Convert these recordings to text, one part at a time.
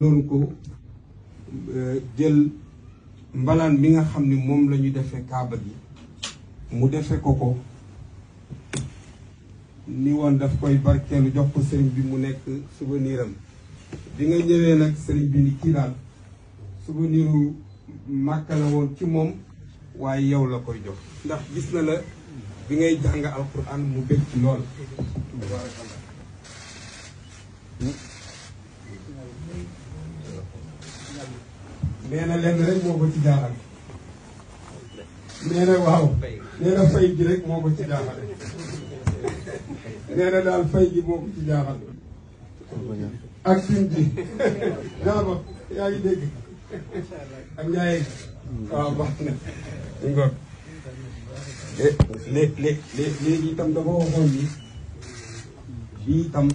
doon ko euh, jël mbalaan mi nga xam ni moom la ñu defee kaaba gi mu defe ko ko ni woon daf koy barkeelu jox ko sëriñ bi mu nekk souvenir am bi nga ñëwee nag sëriñ bi ni kii daal souveniru woon ci moom waaye yow la koy jox ndax gis na la bi ngay jàng alquran mu bég lool nee na lenn rek moo ko ci jaaxal nee na waaw nee rek moo ko ci jaaxal daal fay gi moo ko ci ak suñ ji naa ba yaa ngi dégg ak ñaayeg waaw baax na ngor eh, lé lé léegi itam dafa waxoon ni bii itam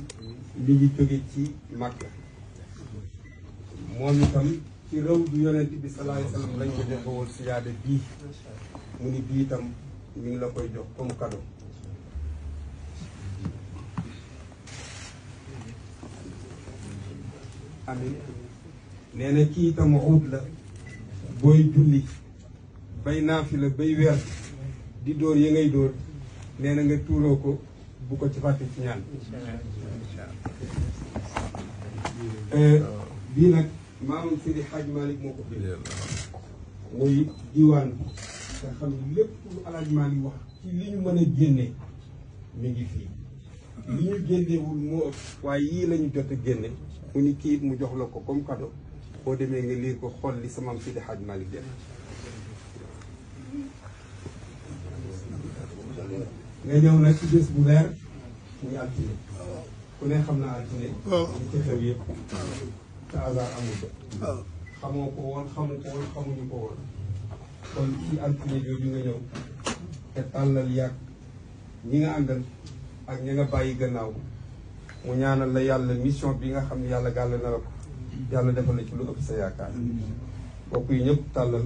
mi ngi jóge ci Makka moom itam ci rëw du yonent bi salaay salaam lañ ko joxe woon siyaade bii mu ni bii itam ñu ngi la koy jox comme amin nee na kii itam xuut la bay naafi la bay weer di dóor yi ngay dóor nee na nga tuuroo ko bu ko ci fàtte ci ñaan maamam Seydi Hadj Malick moo ko bind muy diwaan bi nga xam ne lépp lu Alaaji wax ci li ñu mën a génne mi ngi fii li ñu génnewul moo ëpp waaye yii lañu jot a génne mu ni kii mu jox la ko comme kado koo demee nga liir ko xool li sama maam Seydi Hadj Malick def nga ñëw nag ci bés bu leer muy altine ku ne xam naa altine ñu oh. ci xew yëpp te hasard amul. xamoo ko woon xamu ko woon xamuñu ko woon. kon ci altine jooju nga ñëw te tàllal yàgg ñi nga àndal ak ñi nga bàyyi gannaaw mu ñaanal la yàlla mission bi nga xam ne yàlla gàll na la ko yàlla defal la ci lu ëpp sa yaakaar mbokk yi ñëpp tàllal.